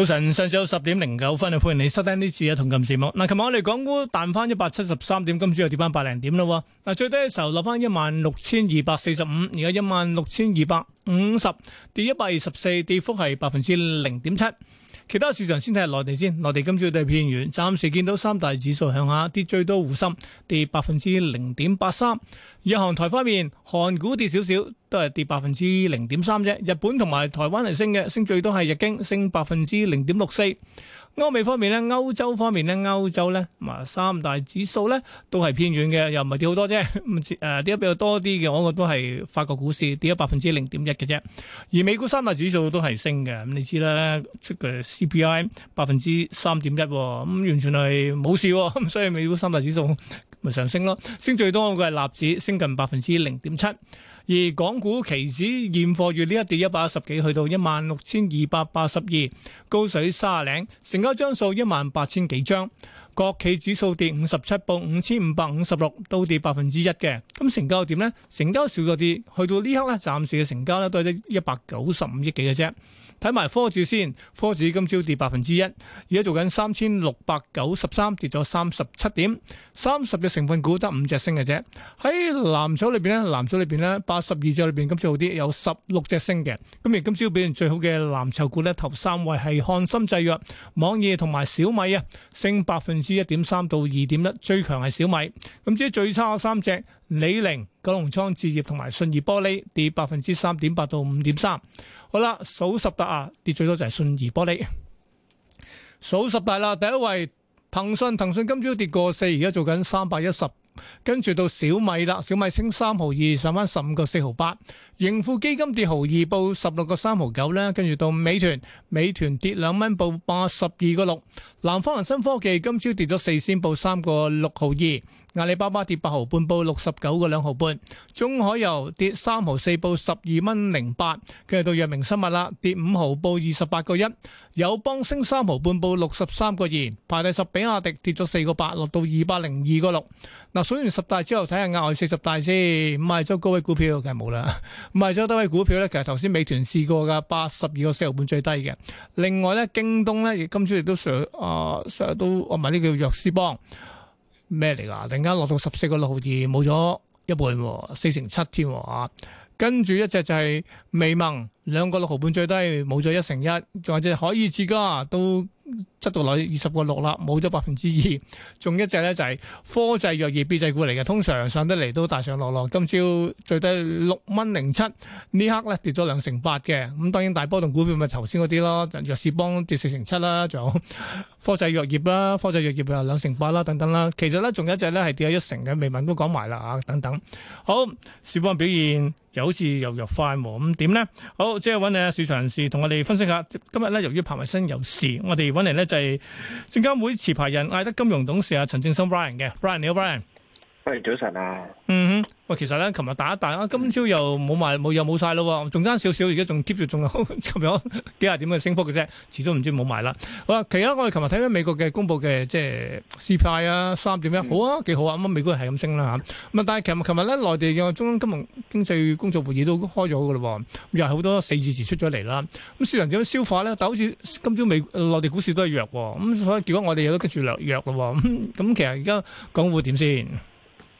早晨，上晝十點零九分，歡迎你收聽呢次嘅《同琴節目》。嗱，琴日，我哋港股彈翻一百七十三點，今朝又跌翻百零點啦。嗱，最低嘅時候落翻一萬六千二百四十五，而家一萬六千二百五十，跌一百二十四，跌幅係百分之零點七。其他市場先睇下內地先，內地今朝都係偏軟，暫時見到三大指數向下跌最多，滬深跌百分之零點八三。日韓台方面，韓股跌少少，都係跌百分之零點三啫。日本同埋台灣係升嘅，升最多係日經升百分之零點六四。歐美方面咧，歐洲方面咧，歐洲咧，咁啊三大指數咧都係偏軟嘅，又唔係跌好多啫。唔誒跌得比較多啲嘅，我覺得都係法國股市跌咗百分之零點一嘅啫。而美股三大指數都係升嘅，咁你知啦，出嘅 CPI 百分之三點一，咁完全係冇事，咁所以美股三大指數咪上升咯，升最多嗰個係納指，升近百分之零點七。而港股期指現貨月呢一跌一百一十幾，去到一萬六千二百八十二，高水三十零，成交張數一萬八千幾張。國企指數跌五十七，報五千五百五十六，都跌百分之一嘅。咁成交點咧？成交少咗啲，去到呢刻咧，暫時嘅成交咧都係得一百九十五億幾嘅啫。睇埋科指先，科指今朝跌百分之一，而家做緊三千六百九十三，跌咗三十七點。三十隻成分股得五隻升嘅啫。喺藍籌裏邊咧，藍籌裏邊咧，八十二隻裏邊今朝好啲，有十六隻升嘅。咁而今朝表現最好嘅藍籌股咧，頭三位係翰森製藥、網易同埋小米啊，升百分。至一點三到二點一，最強係小米，咁至於最差嘅三隻李寧、九龍倉置業同埋信義玻璃跌百分之三點八到五點三，好啦，數十大啊，跌最多就係信義玻璃。數十大啦，第一位騰訊，騰訊今朝都跌過四，而家做緊三百一十。跟住到小米啦，小米升三毫二，上返十五個四毫八。盈富基金跌毫二，報十六個三毫九啦。跟住到美團，美團跌兩蚊，報八十二個六。南方恒生科技今朝跌咗四仙，報三個六毫二。阿里巴巴跌八毫半，報六十九個兩毫半；中海油跌三毫四，報十二蚊零八。跟住到藥明生物啦，跌五毫報，二十八個一；友邦升三毫半，報六十三個二。排第十，比亞迪跌咗四個八，落到二百零二個六。嗱，數完十大之後，睇下額外四十大先。賣咗高位股票，股票其實冇啦。賣咗低位股票咧，其實頭先美團試過噶，八十二個四毫半最低嘅。另外咧，京東咧，亦今朝亦都上啊，上都，我埋啲叫藥師幫咩嚟噶？突然間落到十四個六毫二，冇咗一半喎，四成七添喎！跟住一隻就係微盟。兩個六毫半最低，冇咗一成一，仲有隻海爾智家都執到落二十個六啦，冇咗百分之二。仲一隻咧就係、是、科濟藥業 B 製股嚟嘅，通常上得嚟都大上落落。今朝最低六蚊零七，呢刻咧跌咗兩成八嘅。咁當然大波動股票咪頭先嗰啲咯，藥士邦跌四成七啦，仲科濟藥業啦，科濟藥業又兩成八啦，等等啦。其實咧，仲有一隻咧係跌咗一成嘅，未聞都講埋啦等等。好，市況表現又好似又弱快喎。咁點咧？好。即係揾你啊，市場人士同我哋分析下今日咧，由於彭維新有事，我哋揾嚟咧就係證監會持牌人艾德金融董事啊陳正森 Brian 嘅，Brian 你好，Brian。Brian 早晨啊，嗯哼，喂，其實咧，琴日打一打，啊、今朝又冇埋冇又冇晒咯，仲爭少少，而家仲 keep 住仲有咁樣幾廿點嘅升幅嘅啫，遲早唔知冇埋啦。好啦，其實我哋琴日睇翻美國嘅公布嘅即係 CPI 啊，三點一，好啊，幾好啊，咁、嗯嗯、美國係咁升啦吓。咁、嗯、啊，但係其實琴日咧，內地嘅中央金融經濟工作會議都開咗噶啦，又係好多四字詞出咗嚟啦。咁、嗯、市場點樣消化咧？但好似今朝美內地股市都係弱，咁、嗯、所以結果我哋又都跟住略弱咯。咁咁、嗯，其實而家港股點先？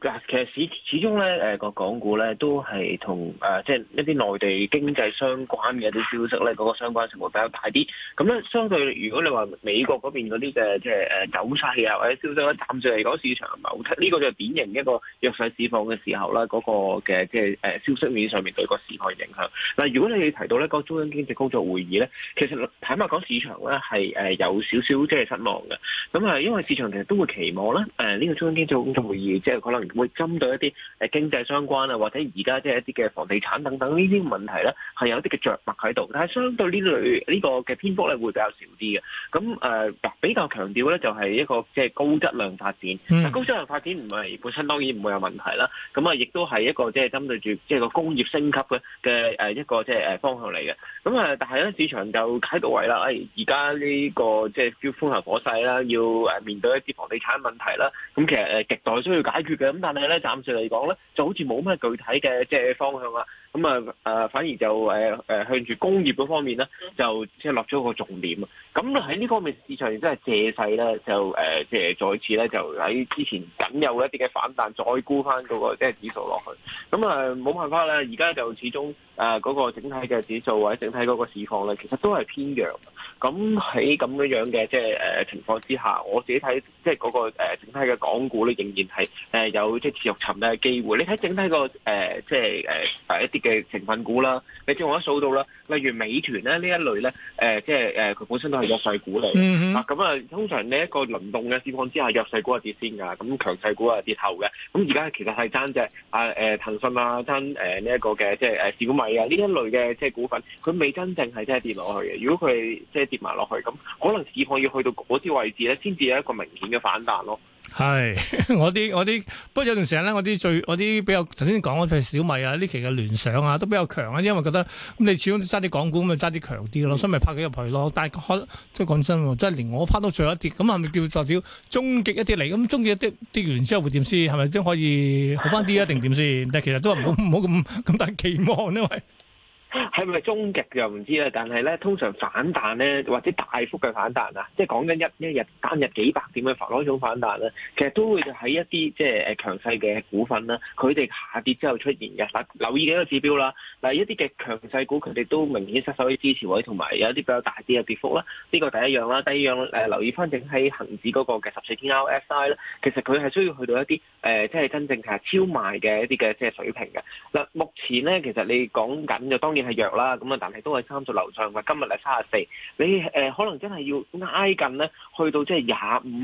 其實始始終咧，誒個港股咧都係同誒，即、呃、係、就是、一啲內地經濟相關嘅一啲消息咧，嗰、那個相關程度比較大啲。咁咧，相對說如果你話美國嗰邊嗰啲嘅即係誒走勢啊，或者消息咧、啊，暫時嚟講市場唔係好睇。呢、這個就係典型一個弱勢市況嘅時候啦，嗰、那個嘅即係誒消息面上面對個市況影響。嗱，如果你提到咧嗰、那個、中央經濟工作會議咧，其實坦白講市場咧係誒有少少即係、就是、失望嘅。咁啊，因為市場其實都會期望啦，誒、呃、呢、這個中央經濟工作會議即係、就是、可能。會針對一啲誒經濟相關啊，或者而家即係一啲嘅房地產等等呢啲問題咧，係有一啲嘅着墨喺度。但係相對呢類呢、呢個嘅篇幅咧，會比較少啲嘅。咁誒、呃、比較強調咧，就係一個即係高質量發展。高質量發展唔係本身當然唔會有問題啦。咁啊，亦都係一個即係針對住即係個工業升級嘅嘅誒一個即係誒方向嚟嘅。咁啊，但係咧市場就喺度位啦，誒而家呢個即係叫風頭火勢啦，要誒面對一啲房地產問題啦。咁其實誒亟待需要解決嘅。但係咧，暫時嚟講咧，就好似冇咩具體嘅即係方向啊。咁啊，誒、呃、反而就誒誒、呃、向住工業嗰方面咧，就即係落咗個重點。咁喺呢方面，市場真係借勢咧，就誒即係再次咧，就喺之前僅有一啲嘅反彈，再沽翻嗰個即係指數落去。咁啊，冇、呃、辦法咧，而家就始終誒嗰、呃嗰個整體嘅指數或者整體嗰個市況咧，其實都係偏弱。咁喺咁樣嘅即係誒情況之下，我自己睇即係嗰個、呃、整體嘅港股咧，仍然係誒有即係持續尋底嘅機會。你睇整體個誒、呃、即係誒、呃、一啲嘅成分股啦，你先我一數到啦，例如美團咧呢一類咧誒、呃，即係誒佢本身都係弱勢股嚟。咁、mm hmm. 啊，通常呢一個輪動嘅情況之下，弱勢股係跌先㗎，咁強勢股啊跌後嘅。咁而家其實係爭隻啊誒騰訊啦，爭誒呢一個嘅即係小米啊呢一類嘅即係股份，佢未真正係真係跌落去嘅。如果佢即跌埋落去，咁可能市況要去到嗰啲位置咧，先至有一個明顯嘅反彈咯。係我啲我啲，不過有段時間咧，我啲最我啲比較，頭先講譬如小米啊，呢期嘅聯想啊，都比較強啊，因為覺得咁、嗯、你始終揸啲港股咁啊，揸啲強啲咯，所以咪拍幾入去咯。但係開即係講真喎，真係連我拍到最後一跌，咁係咪叫做叫終極一跌嚟？咁終極一跌跌完之後會點先？係咪先可以好翻啲啊？定點先？但係 其實都唔好唔好咁咁大期望，因為。係咪終極就唔知啦，但係咧通常反彈咧或者大幅嘅反彈啊，即係講緊一一日單日幾百點嘅反方向反彈咧，其實都會喺一啲即係誒強勢嘅股份啦，佢哋下跌之後出現嘅嗱，留意幾個指標啦，嗱一啲嘅強勢股佢哋都明顯失守啲支持位，同埋有，有一啲比較大啲嘅跌幅啦，呢、這個第一樣啦，第二樣誒留意翻整喺恒指嗰個嘅十四天 RSI 咧，其實佢係需要去到一啲誒、呃、即係真正係超賣嘅一啲嘅即係水平嘅嗱，目前咧其實你講緊嘅當然。係弱啦，咁啊，但係都係三十樓上嘅。今日係三十四，你誒、呃、可能真係要挨近咧，去到即係廿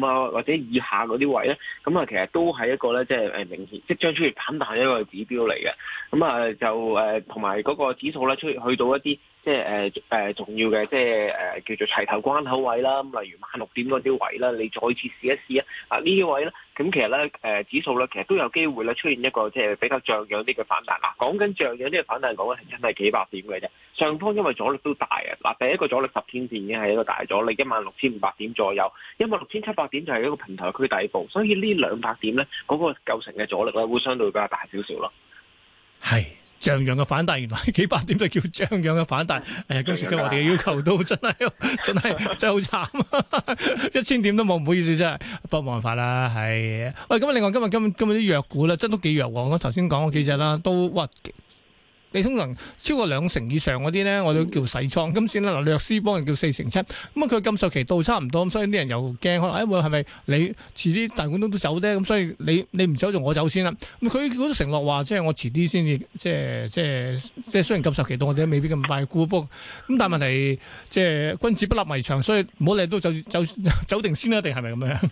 五啊，或者以下嗰啲位咧，咁、嗯、啊，其實都係一個咧，即係誒明顯即將出現反彈一個指標嚟嘅。咁、嗯、啊、呃，就誒同埋嗰個指數咧，出去到一啲。即係誒誒重要嘅，即係誒、呃、叫做齊頭關口位啦。咁例如萬六點嗰啲位啦，你再次試一試啊！啊呢啲位咧，咁其實咧誒、呃、指數咧，其實都有機會咧出現一個即係比較像樣啲嘅反彈。嗱，講緊像樣啲嘅反彈，講緊係真係幾百點嘅啫。上方因為阻力都大啊！嗱，第一個阻力十天線已經係一個大阻力，一萬六千五百點左右，一萬六千七百點就係一個平台區底部，所以呢兩百點咧，嗰個構成嘅阻力咧，會相對比較大少少咯。係。像樣嘅反彈，原來幾百點就叫像樣嘅反彈。誒、哎，今時今日我哋嘅要求都真係， 真係真係好慘啊！一千點都冇，唔好意思真係，冇辦法啦。係、哎，喂，咁另外今日今日今日啲弱股啦，真都幾弱喎。我頭先講嗰幾隻啦，都屈你通常超過兩成以上嗰啲咧，我哋叫洗倉咁先啦。嗱，律師幫人叫四成七，咁啊佢禁售期到差唔多，咁所以啲人又驚，可能誒會係咪你遲啲大股東都走啫。咁所以你你唔走就我走先啦。咁佢嗰啲承諾話，即係我遲啲先至，即係即係即係雖然禁售期到，我哋都未必咁快沽。不過咁但係問題即係君子不立危牆，所以唔好理都走走走定先啦，一定係咪咁樣？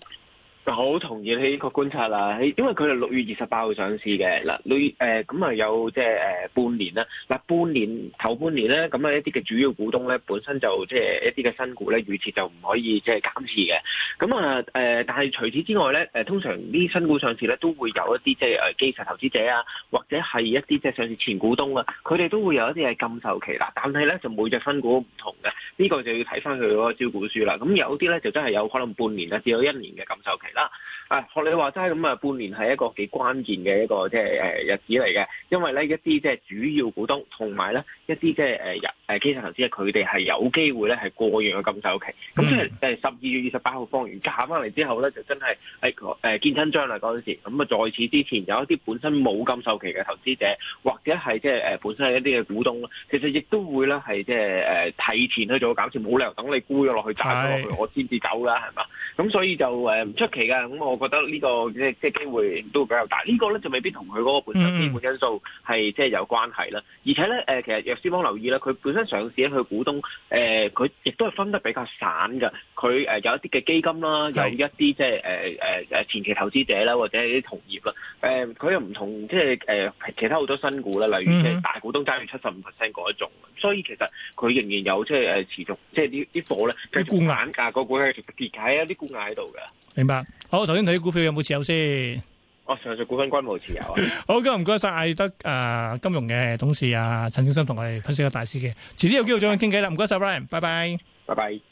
我好同意你呢個觀察啦，因為佢係六月二十八號上市嘅嗱，六月咁啊、呃嗯、有即係、呃、半年啦，嗱半年頭半年咧，咁啊一啲嘅主要股東咧本身就即係一啲嘅新股咧預設就唔可以即係減持嘅，咁、嗯、啊、呃、但係除此之外咧通常啲新股上市咧都會有一啲即係基礎投資者啊，或者係一啲即係上市前股東啊，佢哋都會有一啲係禁售期啦，但係咧就每隻新股唔同嘅，呢、呢個就要睇翻佢嗰個招股書啦。咁有啲咧就真係有可能半年啊，至有一年嘅禁售期。啦，啊學你話齋咁啊，半年係一個幾關鍵嘅一個即係、就是呃、日子嚟嘅，因為咧一啲即係主要股東同埋咧一啲即係誒基礎投資佢哋係有機會咧係過完嘅禁售期，咁即係誒十二月二十八號放完假翻嚟之後咧，就真係誒誒見真章啦嗰陣時。咁啊，在此之前有一啲本身冇禁售期嘅投資者，或者係即係本身係一啲嘅股東，其實亦都會咧係即係誒提前去做減少，冇理由等你沽咗落去賺咗落去，去的我先至走啦，係嘛？咁所以就唔出、呃、奇。係噶，咁、嗯、我覺得呢、呢個即係即係機會都比較大。呢個、呢個咧就未必同佢嗰個本身基本因素係即係有關係啦。而且咧誒、呃，其實若斯方留意咧，佢本身上市咧，佢股東誒佢、呃、亦都係分得比較散噶。佢誒有一啲嘅基金啦，有一啲即係誒誒誒前期投資者啦，或者係啲同業啦。誒佢又唔同即係誒、呃、其他好多新股啦，例如即係、mm hmm. 大股東揸住七十五 percent 嗰一種。所以其實佢仍然有即係誒、呃、持續即係啲啲貨咧。啲股價嗰股咧，其實跌緊有啲股眼喺度噶。明白，好，頭先睇，股票有冇持有先？我上述股份均冇持有啊。好嘅，今日唔該晒，艾德啊，金融嘅董事啊，陳先生同我哋分析個大市嘅，遲啲有機會再傾偈啦。唔該晒，Ryan，拜拜，謝謝 Ryan，拜拜。拜拜拜拜。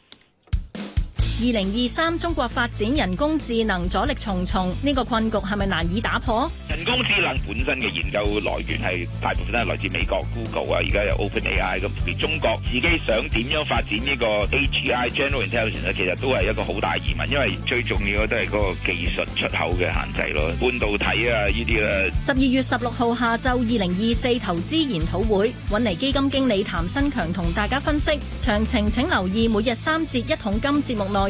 二零二三中國發展人工智能阻力重重，呢個困局係咪難以打破？人工智能本身嘅研究來源係大部分都係來自美國 Google 啊，而家又 OpenAI 咁。而中國自己想點樣發展呢個 AI general intelligence 咧，其實都係一個好大疑問，因為最重要嘅都係嗰個技術出口嘅限制咯，半導體啊呢啲咧。十二月十六號下晝二零二四投資研討會，揾嚟基金經理譚新強同大家分析詳情，請留意每日三節一桶金節目內。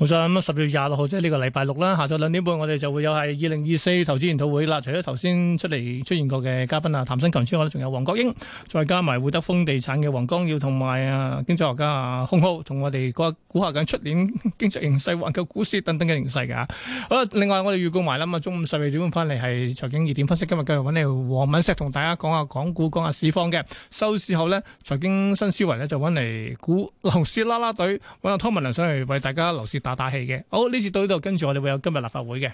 好嘅，咁十月廿六號即係呢個禮拜六啦，下晝兩點半我哋就會有係二零二四投資研討會啦。除咗頭先出嚟出現過嘅嘉賓啊，譚新強之外咧，仲有黃國英，再加埋會德豐地產嘅黃光耀，同埋啊經濟學家啊洪浩，同我哋講下估下緊出年經濟形勢、環球股市等等嘅形勢嘅吓。好啦，另外我哋預告埋啦，咁啊中午十二點半翻嚟係財經熱點分析，今日繼續揾嚟黃敏石同大家講下港股、講下市況嘅。收市後咧財經新思維咧就揾嚟股樓市啦啦隊，揾阿湯文良上嚟為大家樓市打打氣嘅，好呢次到呢度，跟住我哋會有今日立法會嘅，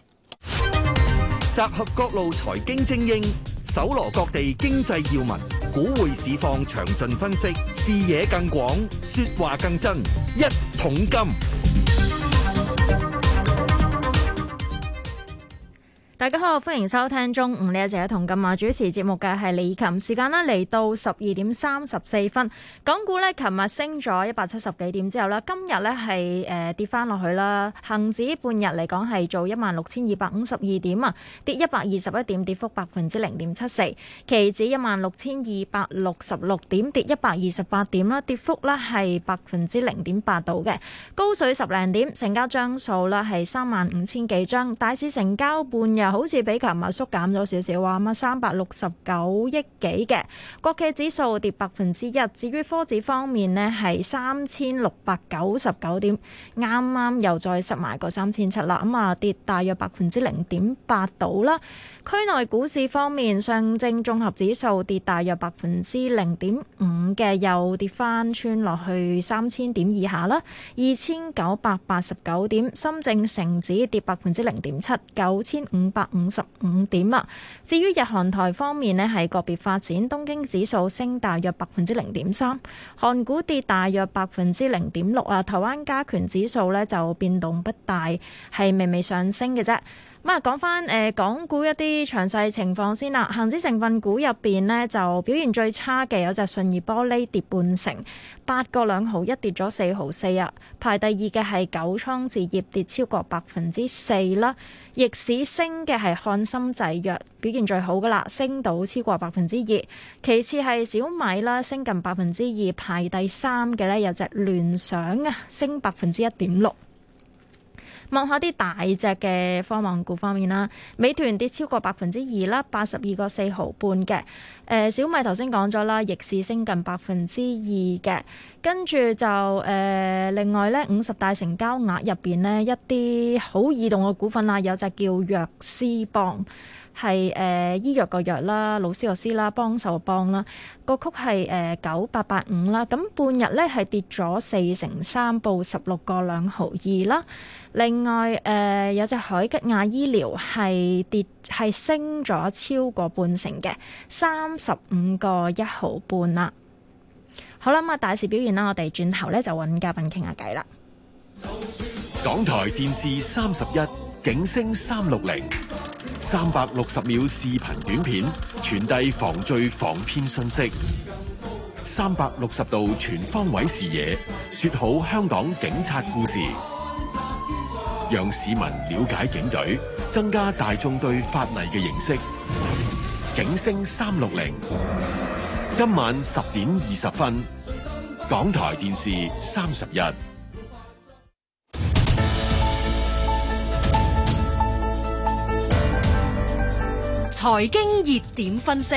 集合各路財經精英，搜羅各地經濟要聞，股匯市況詳盡分析，視野更廣，說話更真，一桶金。大家好，歡迎收聽中午呢一節，同今日主持節目嘅係李琴。時間咧嚟到十二點三十四分，港股咧琴日升咗一百七十幾點之後咧，今日咧係誒跌翻落去啦。恒指半日嚟講係做一萬六千二百五十二點啊，跌一百二十一點，跌幅百分之零點七四。期指一萬六千二百六十六點，跌一百二十八點啦，跌幅咧係百分之零點八度嘅，高水十零點，成交張數啦係三萬五千幾張，大市成交半日。好似比琴日縮減咗少少喎，咁啊三百六十九億幾嘅，國企指數跌百分之一。至於科指方面呢，係三千六百九十九點，啱啱又再失埋個三千七啦，咁啊跌大約百分之零點八度啦。區內股市方面，上證綜合指數跌大約百分之零點五嘅，又跌翻穿落去三千點以下啦，二千九百八十九點。深證成指跌百分之零點七，九千五百五十五點啊。至於日韓台方面呢，係個別發展，東京指數升大約百分之零點三，韓股跌大約百分之零點六啊，台灣加權指數呢就變動不大，係微微上升嘅啫。咁啊，講翻誒港股一啲詳細情況先啦。恒指成分股入面呢，就表現最差嘅有隻順義玻璃跌半成，八個兩毫一跌咗四毫四啊。排第二嘅係九倉置業跌超過百分之四啦。逆市升嘅係漢森製藥表現最好噶啦，升到超過百分之二。其次係小米啦，升近百分之二。排第三嘅呢，有隻聯想啊，升百分之一點六。望下啲大隻嘅科網股方面啦，美團跌超過百分之二啦，八十二個四毫半嘅、呃。小米頭先講咗啦，逆市升近百分之二嘅。跟住就、呃、另外咧五十大成交額入面呢，一啲好易動嘅股份啦，有隻叫藥師幫。係誒、呃、醫藥個藥啦，老師個師啦，幫手個幫啦，個曲係，誒九八八五啦，咁半日咧係跌咗四成三，報十六個兩毫二啦。另外誒、呃、有隻海吉亞醫療係跌係升咗超過半成嘅，三十五個一毫半啦。好啦，咁啊大市表現啦，我哋轉頭咧就揾嘉賓傾下偈啦。港台電視三十一。警星三六零，三百六十秒視頻短片傳遞防罪防騙信息，三百六十度全方位視野，說好香港警察故事，讓市民了解警隊，增加大眾對法例嘅認識。警星三六零，今晚十點二十分，港台電視三十一。財經熱點分析，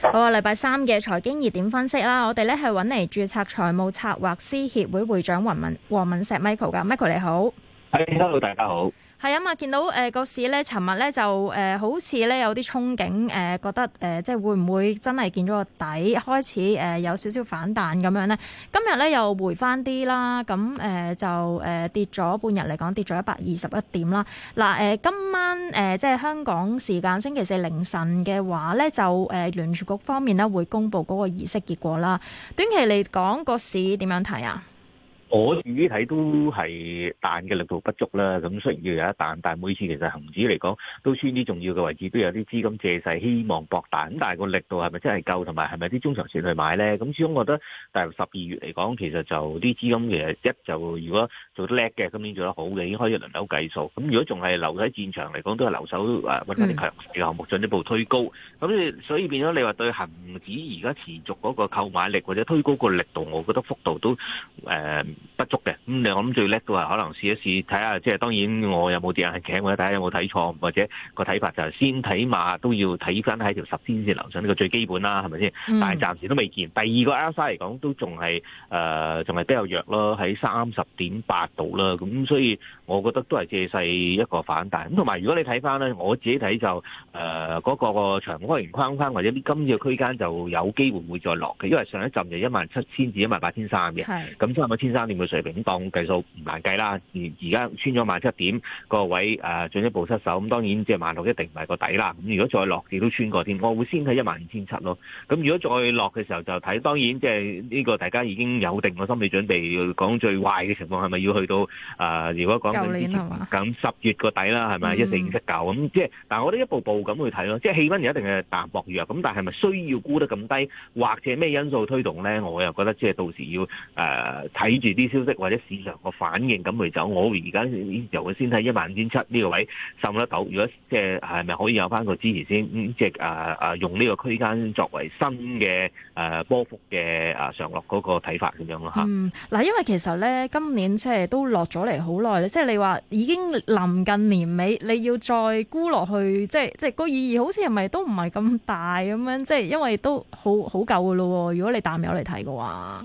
好啊，禮拜三嘅財經熱點分析啦。我哋咧係揾嚟註冊財務策劃師協會會長云敏黃敏石 Michael 噶，Michael 你好，hey, hello, 大家好。係啊嘛，見到誒個市咧，尋日咧就誒好似咧有啲憧憬，誒覺得誒即係會唔會真係見咗個底，開始誒有少少反彈咁樣呢？今日咧又回翻啲啦，咁誒就誒跌咗半日嚟講，跌咗一百二十一點啦。嗱誒，今晚誒即係香港時間星期四凌晨嘅話咧，就誒聯儲局方面咧會公布嗰個議息結果啦。短期嚟講，個市點樣睇啊？我自己睇都係彈嘅力度不足啦，咁雖然要有一彈，但係每次其實恆指嚟講都穿啲重要嘅位置，都有啲資金借勢希望博彈。咁但係個力度係咪真係夠，同埋係咪啲中長線去買咧？咁始終我覺得大陸十二月嚟講，其實就啲資金其實一就如果做得叻嘅，今年做得好嘅，已經可以輪流計數。咁如果仲係留喺戰場嚟講，都係留守誒揾翻啲強嘅項目進一步推高。咁所以變咗你話對恆指而家持續嗰個購買力或者推高個力度，我覺得幅度都誒，不足嘅，咁你我諗最叻都係，可能試一試睇下，即係當然我有冇戴眼鏡，或者睇下有冇睇錯，或者個睇法就係先，起碼都要睇翻喺條十天線流上呢、這個最基本啦，係咪先？嗯、但係暫時都未見。第二個 RSI 嚟講，都仲係誒，仲係比較弱咯，喺三十點八度啦，咁所以我覺得都係借勢一個反彈。咁同埋如果你睇翻咧，我自己睇就誒嗰、呃那個長方形框框或者今次嘅區間就有機會會再落嘅，因為上一浸是就一萬七千至一萬八千三嘅，咁一萬八千三。會唔會隨便咁當計數唔難計啦？而而家穿咗萬七點、那個位，誒進一步失守，咁當然即係萬六一定唔係個底啦。咁如果再落，亦都穿過添。我會先睇一萬二千七咯。咁如果再落嘅時候就，就睇當然即係呢個大家已經有定個心理準備。要講最壞嘅情況係咪要去到誒、呃？如果講咁十月個底啦，係咪一四五七九？咁即係，但係我都一步步咁去睇咯。即係氣溫一定係淡薄弱約。咁但係咪需要估得咁低，或者咩因素推動咧？我又覺得即係到時要誒睇住啲。呃啲消息或者市場個反應咁去走，我而家由佢先睇一萬五千七呢個位滲得到，如果即係係咪可以有翻個支持先，即係啊啊用呢個區間作為新嘅誒、呃、波幅嘅啊、呃、上落嗰個睇法咁樣咯嚇。嗱、嗯，因為其實咧今年即係都落咗嚟好耐咧，即係你話已經臨近年尾，你要再沽落去，即係即係個意義好似係咪都唔係咁大咁樣，即係因為都好好夠噶咯。如果你淡友嚟睇嘅話。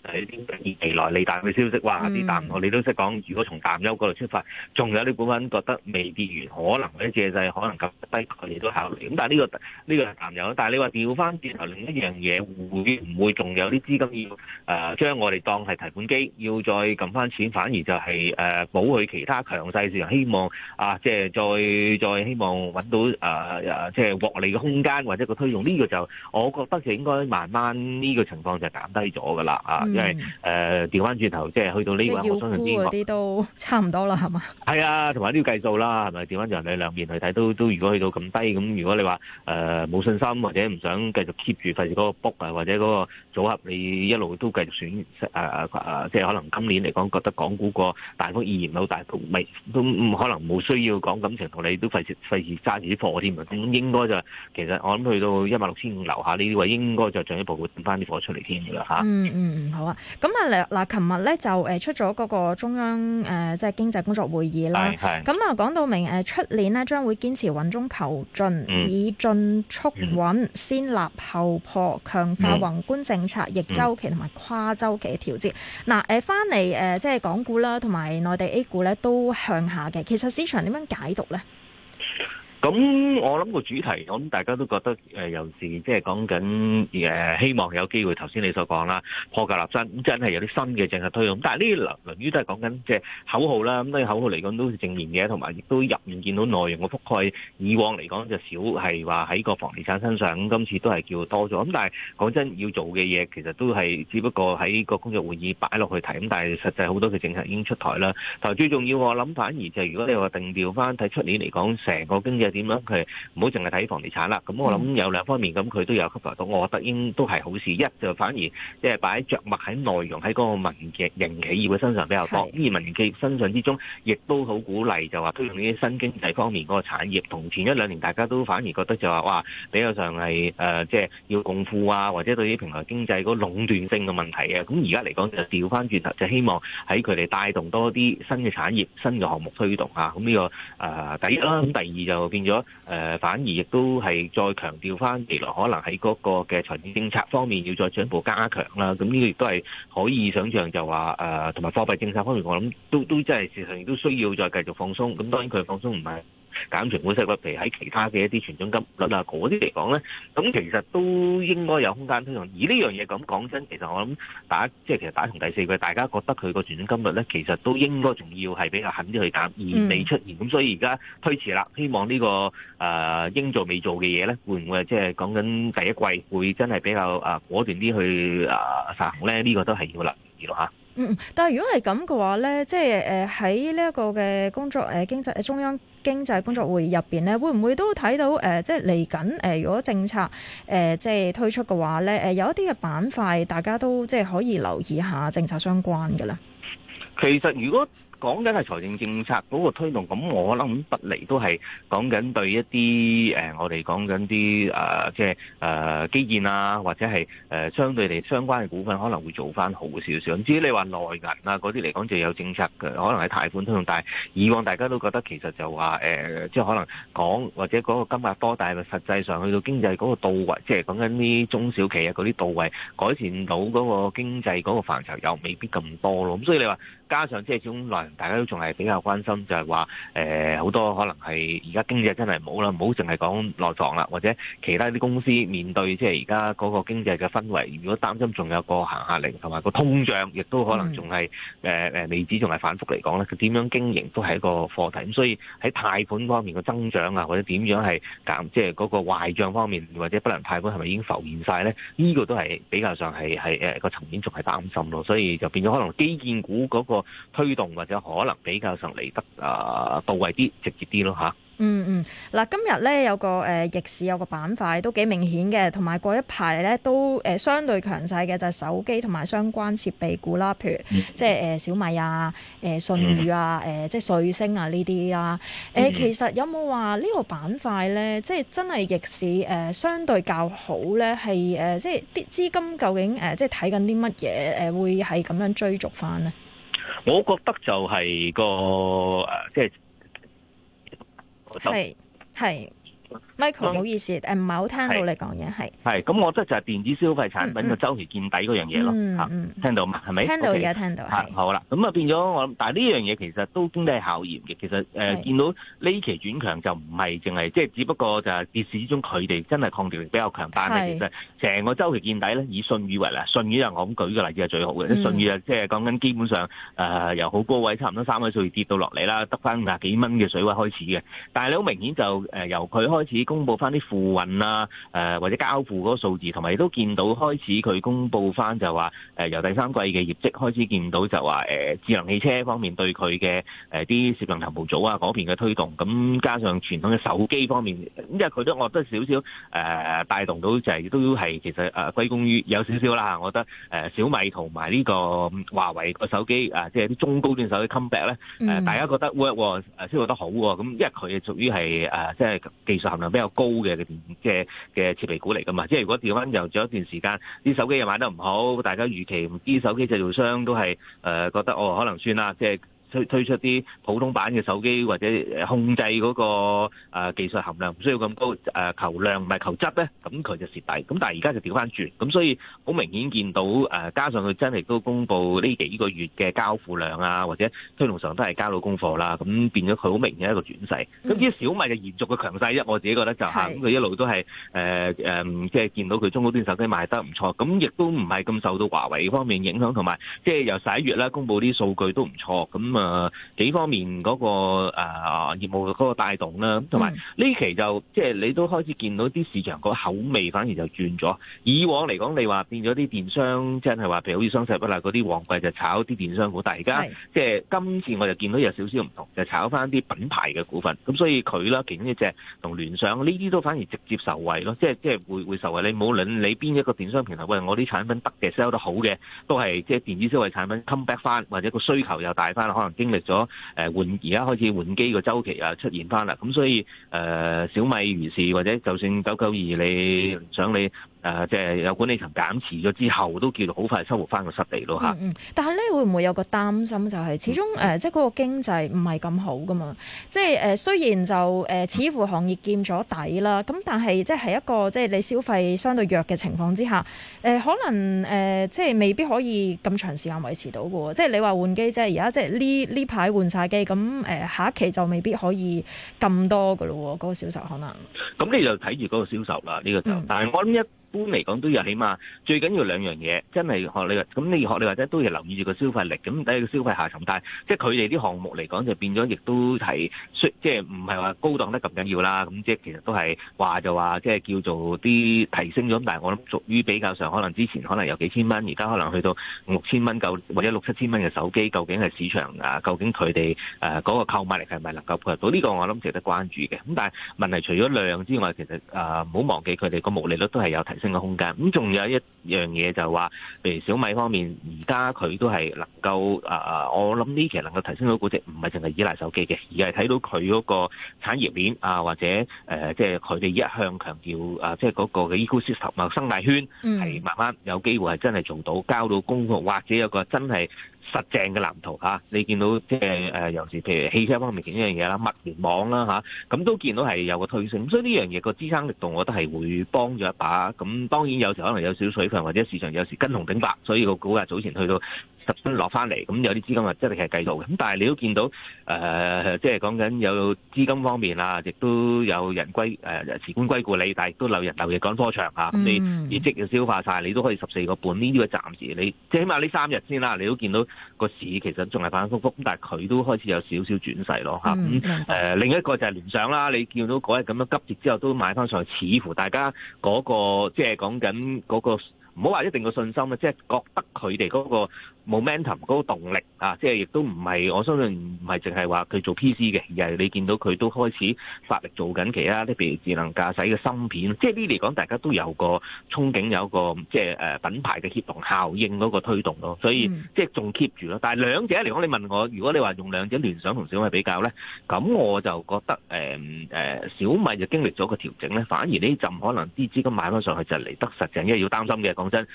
喺啲短期內利淡嘅消息，話啲淡我你都識講。如果從淡友嗰度出發，仲有啲股份覺得未跌完，可能嗰啲借勢，可能減低佢哋都考慮。咁但係、這、呢個呢、這個係淡友。但係你話調翻轉頭另一樣嘢，會唔會仲有啲資金要誒、呃、將我哋當係提款機，要再撳翻錢？反而就係誒補佢其他強勢市場，希望啊、呃，即係再再希望揾到誒誒、呃，即係獲利嘅空間或者個推動。呢、這個就我覺得就應該慢慢呢個情況就減低咗㗎啦啊！呃嗯係誒調翻轉頭，即係、嗯呃就是、去到呢位，嗯、我相信啲啲都差唔多啦，係嘛？係啊，同埋呢啲計數啦，係咪？調翻轉頭你兩面去睇，都都如果去到咁低咁、嗯，如果你話誒冇信心或者唔想繼續 keep 住費事嗰個 book 啊，或者嗰個組合，你一路都繼續選啊、呃呃、即係可能今年嚟講，覺得港股個大幅依然有大幅未都唔可能冇需要講感情同你都費事費事揸住啲貨添啊！咁應該就其實我諗去到一萬六千五樓下呢啲位，應該就進一步會抌翻啲貨出嚟添㗎嚇。啊、嗯嗯嗯，好啊。咁啊，嗱，嗱，琴日咧就誒出咗嗰個中央誒，即係經濟工作會議啦。咁啊，講到明誒出年呢將會堅持穩中求進，嗯、以進促穩，先立後破，強化宏觀政策、嗯、逆周期同埋跨週期嘅調節。嗱，誒翻嚟誒，即係港股啦，同埋內地 A 股咧都向下嘅。其實市場點樣解讀咧？咁我諗個主題，咁大家都覺得誒，有時即係講緊誒，希望有機會。頭先你所講啦，破格立新，真係有啲新嘅政策推動。但係呢啲流於都係講緊即係口號啦。咁呢口號嚟講都係正面嘅，同埋亦都入面見到內容嘅覆蓋。以往嚟講就少係話喺個房地產身上，今次都係叫多咗。咁但係講真要做嘅嘢，其實都係只不過喺個工作會議擺落去睇。咁但係實際好多嘅政策已經出台啦。但係最重要我諗，反而就係如果你話定調翻睇出年嚟講，成個經濟。點樣佢唔好淨係睇房地產啦，咁我諗有兩方面，咁佢都有吸納到。我覺得應都係好事。一就反而即係擺着墨喺內容，喺嗰個民營企業嘅身上比較多。咁的而民營企業身上之中，亦都好鼓勵就話推動啲新經濟方面嗰個產業，同前一兩年大家都反而覺得就話哇比較上係誒即係要共富啊，或者對於平台經濟嗰個壟斷性嘅問題啊。咁而家嚟講就調翻轉頭，就希望喺佢哋帶動多啲新嘅產業、新嘅項目推動啊。咁呢、這個誒、呃、第一啦，咁第二就變咗，誒反而亦都係再強調翻，未來可能喺嗰個嘅財政政策方面要再進一步加強啦。咁呢個亦都係可以想象，就話誒同埋貨幣政策方面我想，我諗都都真係事實上亦都需要再繼續放鬆。咁當然佢放鬆唔係。減存款息率，譬如喺其他嘅一啲存準金率啊，嗰啲嚟講咧，咁其實都應該有空間推動。以呢樣嘢咁講真，其實我諗打即係其實打從第四季，大家覺得佢個存準金率咧，其實都應該仲要係比較狠啲去減，而未出現咁，嗯、所以而家推遲啦。希望呢、這個誒應、呃、做未做嘅嘢咧，會唔會即係講緊第一季會真係比較啊果斷啲去啊實行咧？呢、這個都係要留意啦。嗯，但係如果係咁嘅話咧，即係誒喺呢一個嘅工作誒、呃、經濟中央。經濟工作會議入邊咧，會唔會都睇到誒？即係嚟緊誒，如果政策誒即係推出嘅話咧，誒有一啲嘅板塊，大家都即係可以留意一下政策相關嘅咧。其實如果講緊係財政政策嗰個推動，咁我諗不嚟都係講緊對一啲誒，我哋講緊啲誒，即係誒基建啊，或者係誒相對嚟相關嘅股份可能會做返好少少。至於你話內銀啊嗰啲嚟講就有政策嘅，可能係貸款推動。但係以往大家都覺得其實就話誒，即係可能講或者嗰個金額多，但係實際上去到經濟嗰個到位，即係講緊啲中小企啊嗰啲到位改善到嗰個經濟嗰個範疇又未必咁多咯。咁所以你話加上即係中內。大家都仲係比較關心就，就係話誒好多可能係而家經濟真係冇啦，冇淨係講內房啦，或者其他啲公司面對即係而家嗰個經濟嘅氛圍，如果擔心仲有個行壓力同埋個通脹，亦都可能仲係誒誒未止仲係反覆嚟講咧。佢點樣經營都係一個課題。咁所以喺貸款方面嘅增長啊，或者點樣係減，即係嗰個壞賬方面或者不良貸款係咪已經浮現晒咧？呢、呢個都係比較上係係誒個層面仲係擔心咯。所以就變咗可能基建股嗰個推動或者。可能比較上嚟得啊到位啲、直接啲咯吓、嗯，嗯嗯，嗱，今日咧有個誒、呃、逆市有個板塊都幾明顯嘅，同埋嗰一排咧都誒、呃、相對強勢嘅就係手機同埋相關設備股啦，譬如、嗯、即係誒、呃、小米啊、誒舜宇啊、誒、呃、即係瑞聲啊呢啲啊。誒、呃，嗯、其實有冇話呢個板塊咧，即係真係逆市誒、呃、相對較好咧，係誒、呃、即係啲資金究竟誒、呃、即係睇緊啲乜嘢誒會係咁樣追逐返咧？我覺得就係個誒，即係係係。係係 Michael 唔好意思，誒唔係好聽到你講嘢，係係咁，我覺得就係電子消費產品個週期見底嗰樣嘢咯，嚇，聽到嘛？係咪？聽到而家聽到啊？嚇，好啦，咁啊變咗我諗，但係呢樣嘢其實都經得起考驗嘅。其實誒見到呢期轉強就唔係淨係即係，只不過就係跌市之中佢哋真係抗跌力比較強。但係其實成個週期見底咧，以舜宇為例，舜宇啊，我咁舉個例子係最好嘅，啲舜宇啊，即係講緊基本上誒由好高位差唔多三位數跌到落嚟啦，得返五十幾蚊嘅水位開始嘅。但係你好明顯就誒由佢開開始公布翻啲付運啊，誒或者交付嗰個數字，同埋亦都見到開始佢公布翻就話誒由第三季嘅業績開始見到就話誒智能汽車方面對佢嘅誒啲攝像頭模組啊嗰邊嘅推動，咁加上傳統嘅手機方面，因為佢都我覺得少少誒、呃、帶動到就係、是、都係其實誒歸功於有少少啦嚇，我覺得誒小米同埋呢個華為個手機誒、啊、即係啲中高端手機 comeback 咧、啊、誒，嗯、大家覺得 work 誒先覺得好喎、啊，咁因為佢係屬於係、啊、即係技術含量比較高嘅嘅嘅設備股嚟噶嘛，即係如果調翻由咗一段時間，啲手機又賣得唔好，大家預期啲手機製造商都係誒、呃、覺得哦，可能算啦，即係。推推出啲普通版嘅手機或者控制嗰個誒技術含量唔需要咁高，誒求量唔係求質咧，咁佢就蝕底。咁但係而家就調翻轉，咁所以好明顯見到誒加上佢真係都公布呢幾個月嘅交付量啊，或者推動上都係交到功課啦，咁變咗佢好明顯一個轉勢。咁啲小米嘅延續嘅強勢一我自己覺得就係、是、咁佢是一路都係誒誒，即係見到佢中高端手機賣得唔錯，咁亦都唔係咁受到華為方面影響，同埋即係由十一月啦，公布啲數據都唔錯，咁誒、呃、幾方面嗰、那個誒、呃、業務嗰個帶動啦，同埋呢期就即係、就是、你都開始見到啲市場個口味反而就轉咗。以往嚟講，你話變咗啲電商，即係話譬如好似雙十一嗰啲旺季就炒啲電商股，但係而家即係今次我就見到有少少唔同，就是、炒翻啲品牌嘅股份。咁所以佢啦，其中一隻同聯想呢啲都反而直接受惠咯，即係即係會會受惠。你冇論你邊一個電商平台，喂，我啲產品得嘅 sell 得好嘅，都係即係電子消費產品 come back 翻，或者個需求又大翻，可能。經歷咗誒，換而家開始換機個周期啊出現翻啦，咁所以誒、呃，小米如是，或者就算九九二，你想你。誒，即係、呃就是、有管理層減持咗之後，都叫做好快收復翻個失地咯、啊、嗯，嗯但係咧，會唔會有個擔心就係、是，始終誒，即係嗰個經濟唔係咁好噶嘛？即係誒，雖然就誒、呃，似乎行業見咗底啦。咁但係，即、就、係、是、一個即係、就是、你消費相對弱嘅情況之下，誒、呃、可能誒，即、呃、係、就是、未必可以咁長時間維持到嘅喎。即、就、係、是、你話換機，即係而家即係呢呢排換晒機，咁誒、呃、下一期就未必可以咁多喇咯。嗰、那個銷售可能。咁、嗯、你就睇住嗰個銷售啦，呢、這個就。但係我諗一。般嚟講都有，起碼最緊要兩樣嘢，真係學你話，咁你學你話齋都係留意住個消費力，咁睇下個消費下沉。但係即係佢哋啲項目嚟講，就變咗亦都係需，即係唔係話高檔得咁緊要啦。咁即係其實都係話就話，即係叫做啲提升咗。咁但係我諗屬於比較上，可能之前可能有幾千蚊，而家可能去到五六千蚊，夠或者六七千蚊嘅手機，究竟係市場啊？究竟佢哋誒嗰個購買力係咪能夠配合到呢個？我諗值得關注嘅。咁但係問題除咗量之外，其實誒唔好忘記佢哋個毛利率都係有提。升嘅空間，咁仲有一樣嘢就係話，譬如小米方面，而家佢都係能夠啊，我諗呢期能夠提升到估值，唔係淨係依賴手機嘅，而係睇到佢嗰個產業鏈啊，或者誒，即係佢哋一向強調啊，即係嗰個嘅 ecosystem 啊生態圈，係慢慢有機會係真係做到交到功課，或者有個真係。實正嘅藍圖嚇，你見到即係誒，有時譬如汽車方面見呢樣嘢啦，物聯網啦嚇，咁都見到係有個推升，所以呢樣嘢個支撐力度，我覺得係會幫咗一把。咁當然有時可能有少少水分，或者市場有時跟紅頂白，所以個股價早前去到。落翻嚟，咁有啲資金即係係計到嘅。咁但係你都見到，誒、呃，即係講緊有資金方面啊，亦都有人歸誒辭官歸故里，但係都留人留夜趕科場咁，啊、你業績嘅消化晒，你都可以十四個半呢個暫時，你即係起碼呢三日先啦。你都見到個市其實仲係反反覆覆咁，但係佢都開始有少少轉勢咯，咁誒，另一個就係聯想啦，你見到嗰日咁樣急跌之後都買翻上去，似乎大家嗰個即係講緊嗰個。就是唔好話一定個信心咧，即係覺得佢哋嗰個 momentum 嗰個動力啊，即係亦都唔係我相信唔係淨係話佢做 PC 嘅，而係你見到佢都開始發力做緊其他，例如智能駕駛嘅芯片，即係呢嚟講，大家都有個憧憬，有一個即係誒品牌嘅協同效應嗰個推動咯。所以即係仲 keep 住咯。但係兩者嚟講，你問我，如果你話用兩者聯想同小米比較咧，咁我就覺得誒誒小米就經歷咗個調整咧，反而呢陣可能啲資金買翻上去就嚟得實淨，因為要擔心嘅。講真，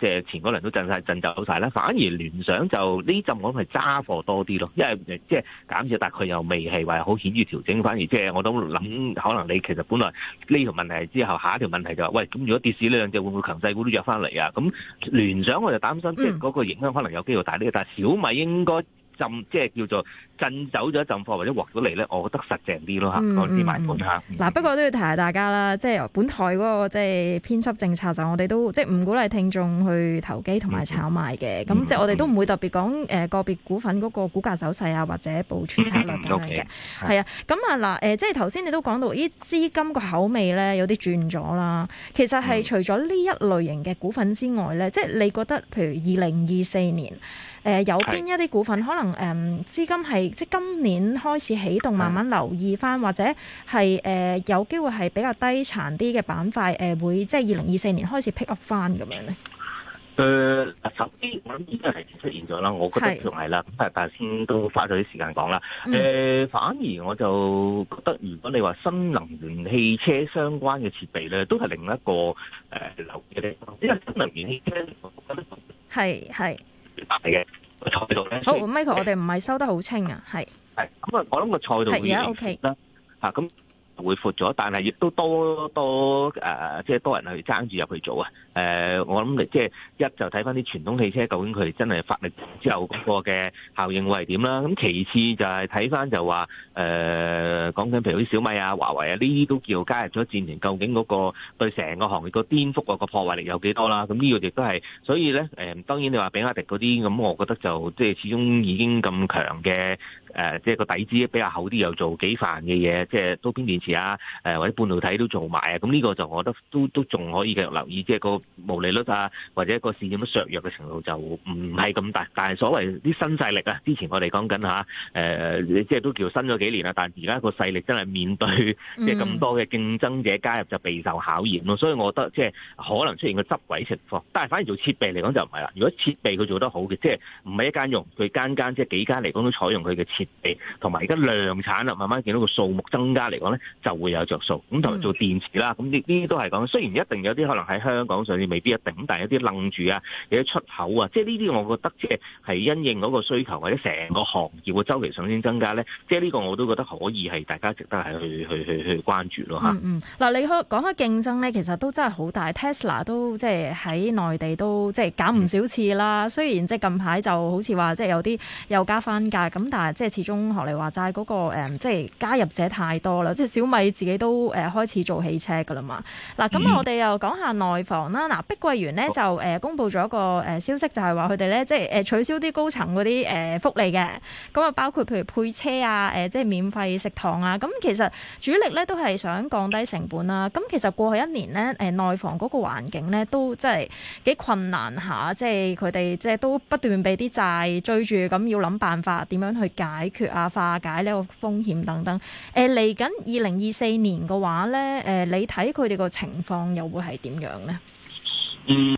即係前嗰輪都震晒、震走晒啦。反而聯想就呢浸我係揸貨多啲咯，因為即係減少，但係佢又未係話好顯著調整，反而即係我都諗，可能你其實本來呢條問題之後下一條問題就話、是，喂，咁如果跌市呢兩隻，會唔會強勢股都約翻嚟啊？咁聯想我就擔心，嗯、即係嗰、嗰個影響可能有機會大啲，但係小米應該。浸即係叫做震走咗一陣貨，或者獲咗嚟咧，我覺得實淨啲咯嚇嗰、嗯、買盤嗱、嗯啊、不過都要提下大家啦，即係本台嗰個即係編輯政策就我哋都即係唔鼓勵聽眾去投機同埋炒賣嘅。咁、嗯、即係我哋都唔會特別講誒個別股份嗰個股價走勢、嗯嗯、okay，啊，或者部署策略。咁樣嘅。係啊，咁啊嗱誒，即係頭先你都講到，咦，資金個口味咧有啲轉咗啦。其實係除咗呢一類型嘅股份之外咧，嗯、即係你覺得譬如二零二四年誒有邊一啲股份可能？誒，資、嗯、金係即係今年開始起動，慢慢留意翻，或者係誒、呃、有機會係比較低殘啲嘅板塊誒、呃，會即係二零二四年開始 pick up 翻，咁樣咧。誒、呃，首先我諗應該係出現咗啦，我覺得仲係啦。是但先都花咗啲時間講啦。誒、嗯呃，反而我就覺得，如果你話新能源汽車相關嘅設備咧，都係另一個誒、呃、留意嘅，因為新能源汽車係係大嘅。是是個賽道咧，好，Michael，我哋唔係收得好清啊，係，係，咁啊，我諗個賽道會，而家，OK，啦，吓咁。會闊咗，但係亦都多多誒、呃，即係多人去爭住入去做啊、呃！我諗你即係一就睇翻啲傳統汽車，究竟佢哋真係發力之後嗰個嘅效應會係點啦？咁其次就係睇翻就話誒，講、呃、緊譬如啲小米啊、華為啊，呢啲都叫加入咗戰團，究竟嗰個對成個行業個顛覆啊、個破壞力有幾多啦？咁呢個亦都係，所以咧誒、呃，當然你話比亞迪嗰啲咁，我覺得就即係始終已經咁強嘅誒、呃，即係個底子比較厚啲，又做幾煩嘅嘢，即係都偏電。啊，或者半導體都做埋啊，咁呢個就我覺得都都仲可以繼續留意，即係個毛利率啊，或者個市件都削弱嘅程度就唔係咁大。但係所謂啲新勢力啊，之前我哋講緊嚇誒，即係都叫新咗幾年啦。但係而家個勢力真係面對即係咁多嘅競爭者加入就備受考驗咯。所以我覺得即係可能出現個執位情況。但係反而做設備嚟講就唔係啦。如果設備佢做得好嘅，即係唔係一間用，佢間間即係幾間嚟講都採用佢嘅設備，同埋而家量產啦，慢慢見到個數目增加嚟講咧。就會有着數，咁同埋做電池啦，咁呢呢啲都係講，雖然一定有啲可能喺香港上面未必一定，但係有啲愣住啊，有啲出口啊，即係呢啲我覺得即係係因應嗰個需求或者成個行業嘅周期上先增加咧，即係呢個我都覺得可以係大家值得係去去去去關注咯。嗯，嗱、嗯、你開講開競爭咧，其實都真係好大，Tesla 都即係喺內地都即係減唔少次啦。嗯、雖然即係近排就好似話即係有啲又加翻價，咁但係即係始終學你話齋嗰個、嗯、即係加入者太多啦，即係小自己都誒、呃、開始做汽車噶啦嘛嗱，咁、啊、我哋又講下內房啦嗱、呃。碧桂園呢就誒、呃、公佈咗一個誒、呃、消息就是說他們，就係話佢哋咧即係誒、呃、取消啲高層嗰啲誒福利嘅咁啊，包括譬如配車啊、誒、呃、即係免費食堂啊。咁、嗯、其實主力咧都係想降低成本啦、啊。咁、嗯、其實過去一年呢，誒、呃、內房嗰個環境咧都即係幾困難下，即係佢哋即係都不斷俾啲債追住，咁要諗辦法點樣去解決啊、化解呢個風險等等。誒嚟緊二零二四年嘅話咧，誒，你睇佢哋個情況又會係點樣咧？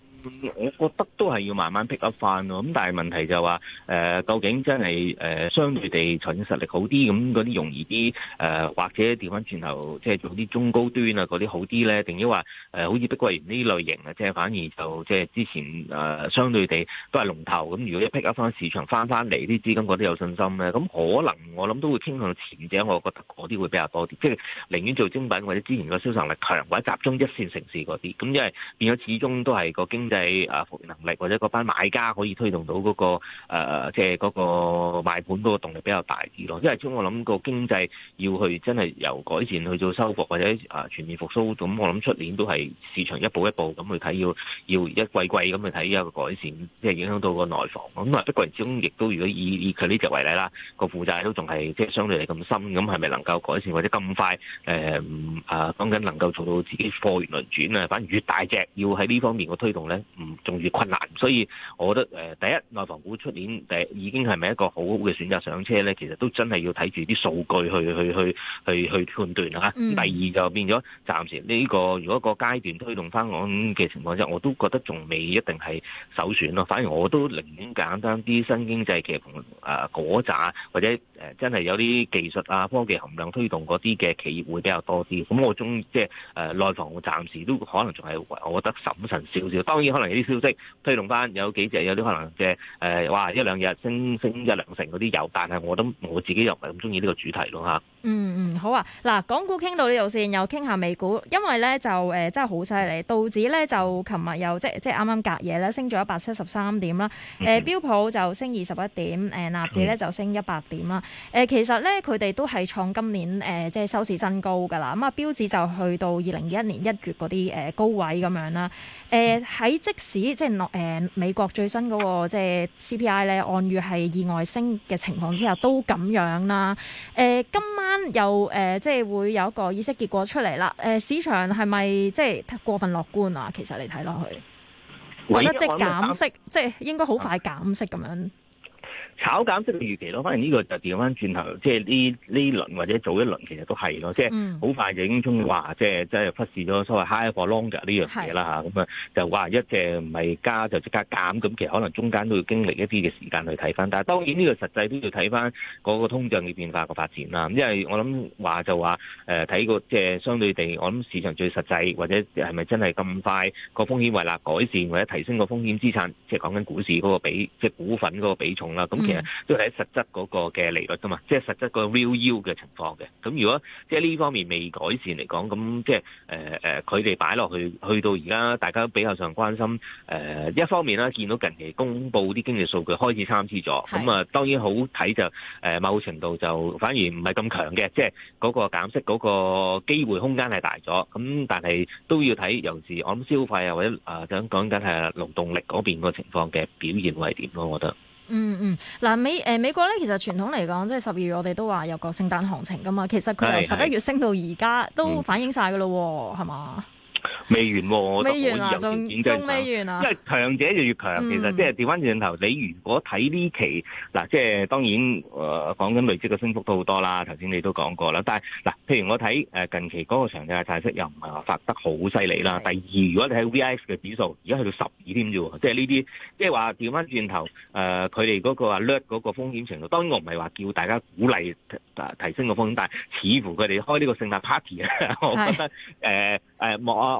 我覺得都係要慢慢 pick 翻咯，咁但係問題就話誒、呃、究竟真係誒、呃、相對地財政實力好啲，咁嗰啲容易啲誒、呃，或者調翻轉頭即係做啲中高端啊嗰啲好啲咧，定要話誒好似碧桂園呢類型啊，即係反而就即係之前誒、呃、相對地都係龍頭，咁如果一 pick 翻市場翻翻嚟，啲資金覺得有信心咧，咁可能我諗都會傾向前者，我覺得嗰啲會比較多啲，即係寧願做精品或者之前個銷售力強或者集中一線城市嗰啲，咁因為變咗始終都係個經濟。係啊，復原能力或者嗰班買家可以推動到嗰個誒，即係嗰個買盤嗰個動力比較大啲咯。因為始終我諗個經濟要去真係由改善去做收復，或者啊全面復甦，咁我諗出年都係市場一步一步咁去睇，要要一季季咁去睇有改善，即係影響到個內房。咁啊，一個人始終亦都如果以以佢呢隻為例啦，個負債都仲係即係相對嚟咁深，咁係咪能夠改善或者咁快誒、呃、啊講緊能夠做到自己貨源輪轉啊？反而越大隻要喺呢方面個推動咧。唔仲要困難，所以我覺得誒第一內房股出年已經係咪一個好好嘅選擇上車咧？其實都真係要睇住啲數據去去去去去判斷啦、啊嗯嗯、第二就變咗暫時呢個如果個階段推動翻港嘅情況之下，我都覺得仲未一定係首選咯、啊。反而我都寧願簡單啲新經濟，其實同誒嗰扎或者誒真係有啲技術啊科技含量推動嗰啲嘅企業會比較多啲。咁我中意即係誒內房股暫時都可能仲係我覺得審慎少少。當然。可能有啲消息推動翻，有幾隻有啲可能嘅誒、呃，哇！一兩日升升一兩成嗰啲有，但係我都我自己又唔係咁中意呢個主題咯吓，嗯嗯，好啊！嗱，港股傾到呢度先，又傾下美股，因為咧就誒、呃、真係好犀利，道指咧就琴日又即即係啱啱隔夜咧升咗一百七十三點啦。誒、呃，嗯嗯標普就升二十一點，誒納指咧就升一百點啦。誒、呃，其實咧佢哋都係創今年誒、呃、即係收市新高㗎啦。咁、呃、啊，標指就去到二零二一年一月嗰啲誒高位咁樣啦。誒、呃、喺、嗯即使即係落、呃、美國最新嗰、那個即係 CPI 咧按月係意外升嘅情況之下都咁樣啦。誒、呃、今晚又誒、呃、即係會有一個議息結果出嚟啦。誒、呃、市場係咪即係太過分樂觀啊？其實你睇落去覺得即係減息，即係應該好快減息咁樣。炒減即係預期咯，反而呢個就調翻轉頭，即係呢呢輪或者早一輪其實都係咯，即係好快已經話即係即係忽視咗所謂 high for longer 呢樣嘢啦吓，咁啊就話一即唔係加就即刻減，咁其實可能中間都要經歷一啲嘅時間去睇翻。但係當然呢個實際都要睇翻嗰個通脹嘅變化個發展啦。因為我諗話就話誒睇個即係、就是、相對地，我諗市場最實際或者係咪真係咁快個風險為啦改善或者提升個風險資產，即係講緊股市嗰個比即係、就是、股份嗰個比重啦咁。嗯嗯、都係喺實質嗰個嘅利率啫嘛，即、就、係、是、實質個 real yield 嘅情況嘅。咁如果即係呢方面未改善嚟講，咁即係誒誒，佢哋擺落去去到而家，大家比較上關心誒、呃、一方面啦、啊，見到近期公布啲經濟數據開始參差咗。咁啊的，當然好睇就誒、呃、某程度就反而唔係咁強嘅，即係嗰個減息嗰個機會空間係大咗。咁但係都要睇，尤其我諗消費啊，或者啊想講緊係勞動力嗰邊個情況嘅表現會係點咯？我覺得。嗯嗯，嗱、嗯、美誒、呃、美國咧，其實傳統嚟講，即係十二月我哋都話有個聖誕行情噶嘛，其實佢由十一月升到而家都反映晒噶咯喎，係嘛、嗯？是未完喎、啊，我都可以有未完啊因為強者就越,越強。嗯、其實即係調翻轉頭，你如果睇呢期嗱，即係、就是、當然誒、呃、講緊累積嘅升幅都好多啦。頭先你都講過啦，但係嗱，譬如我睇、呃、近期嗰個場地嘅態勢又唔係話發得好犀利啦。的第二，如果你睇 VIX 嘅指數，而家去到十二添啫，即係呢啲即係話調翻轉頭誒，佢哋嗰個話略嗰個風險程度。當然我唔係話叫大家鼓勵提升個風險，但係似乎佢哋開呢個聖誕 party，的 我覺得誒。呃誒，啊、哎！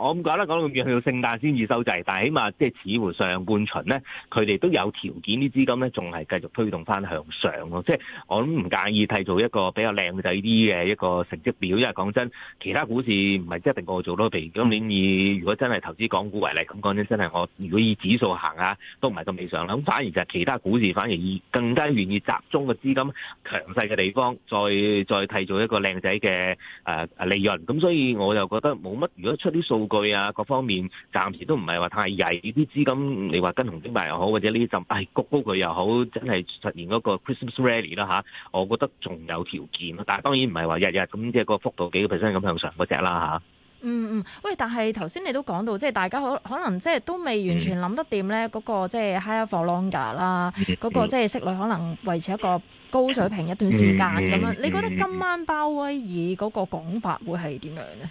我唔講啦，講到咁遠去到聖誕先至收滯，但係起碼即係似乎上半旬咧，佢哋都有條件啲資金咧，仲係繼續推動翻向上咯。即係我諗唔介意替做一個比較靚仔啲嘅一個成績表，因為講真，其他股市唔係一定過做咯。譬如今年以如果真係投資港股為例，咁講真，的真的我，真係我如果以指數行下，都唔係咁理想啦。咁反而就係其他股市，反而以更加願意集中個資金強勢嘅地方，再再替做一個靚仔嘅誒利潤。咁所以我就覺得冇乜。出啲數據啊，各方面暫時都唔係話太曳，啲資金你話跟紅頂白又好，或者呢啲就係谷高佢又好，真係實現嗰個 Christmas rally 啦、啊、嚇，我覺得仲有條件，但係當然唔係話日日咁，即、那、係個幅度幾個 percent 咁向上嗰隻啦嚇。啊、嗯嗯，喂，但係頭先你都講到，即係大家可可能即係都未完全諗得掂咧，嗰、嗯、個即係 higher for longer 啦，嗰個即係息率可能維持一個高水平一段時間咁、嗯、樣。嗯、你覺得今晚鮑威爾嗰個講法會係點樣呢？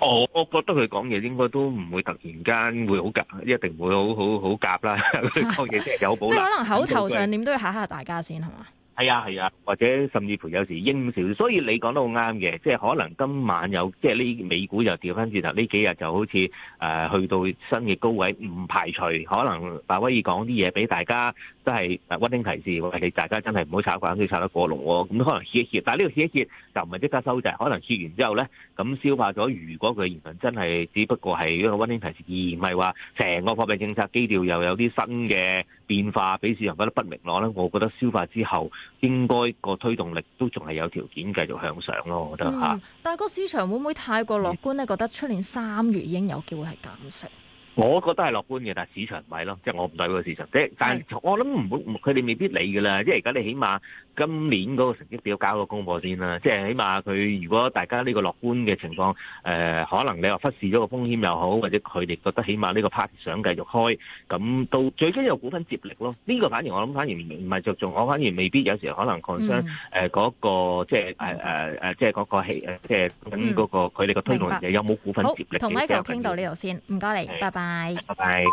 我我覺得佢講嘢應該都唔會突然間會好夾，一定唔會好好好夾啦。講嘢即係有保，即係可能口頭上點都要嚇嚇大家先係嘛？係啊係啊，或者甚至乎有時應酬，所以你講得好啱嘅，即係可能今晚有即係呢美股又調翻轉頭，呢幾日就好似誒去到新嘅高位，唔排除可能鮑威爾講啲嘢俾大家。都係誒溫馨提示，餵你大家真係唔好炒房，先炒得過龍喎。咁可能歇一歇。但係呢度歇一歇，就唔係即刻收滯，可能歇完之後咧，咁消化咗。如果佢嘅言論真係只不過係一個溫馨提示，而唔係話成個貨幣政策基調又有啲新嘅變化，俾市場覺得不明朗咧，我覺得消化之後，應該個推動力都仲係有條件繼續向上咯。我覺得嚇。但係個市場會唔會太過樂觀咧？覺得出年三月已經有機會係減息。 嗯我覺得係樂觀嘅，但係市場唔係咯，即係我唔代表個市場。即係但係我諗唔會，佢哋未必理㗎啦。即係而家你起碼今年嗰個成績表交個功課先啦。即係起碼佢如果大家呢個樂觀嘅情況，誒可能你話忽視咗個風險又好，或者佢哋覺得起碼呢個 part 想繼續開，咁都最緊要股份接力咯。呢個反而我諗，反而唔係着重。我反而未必有時候可能擴張誒嗰個，即係誒誒誒，即係嗰個係即係咁嗰個佢哋個推動嘅有冇股份接力嘅。好，同 Michael 傾到呢度先，唔該你，拜拜。拜拜。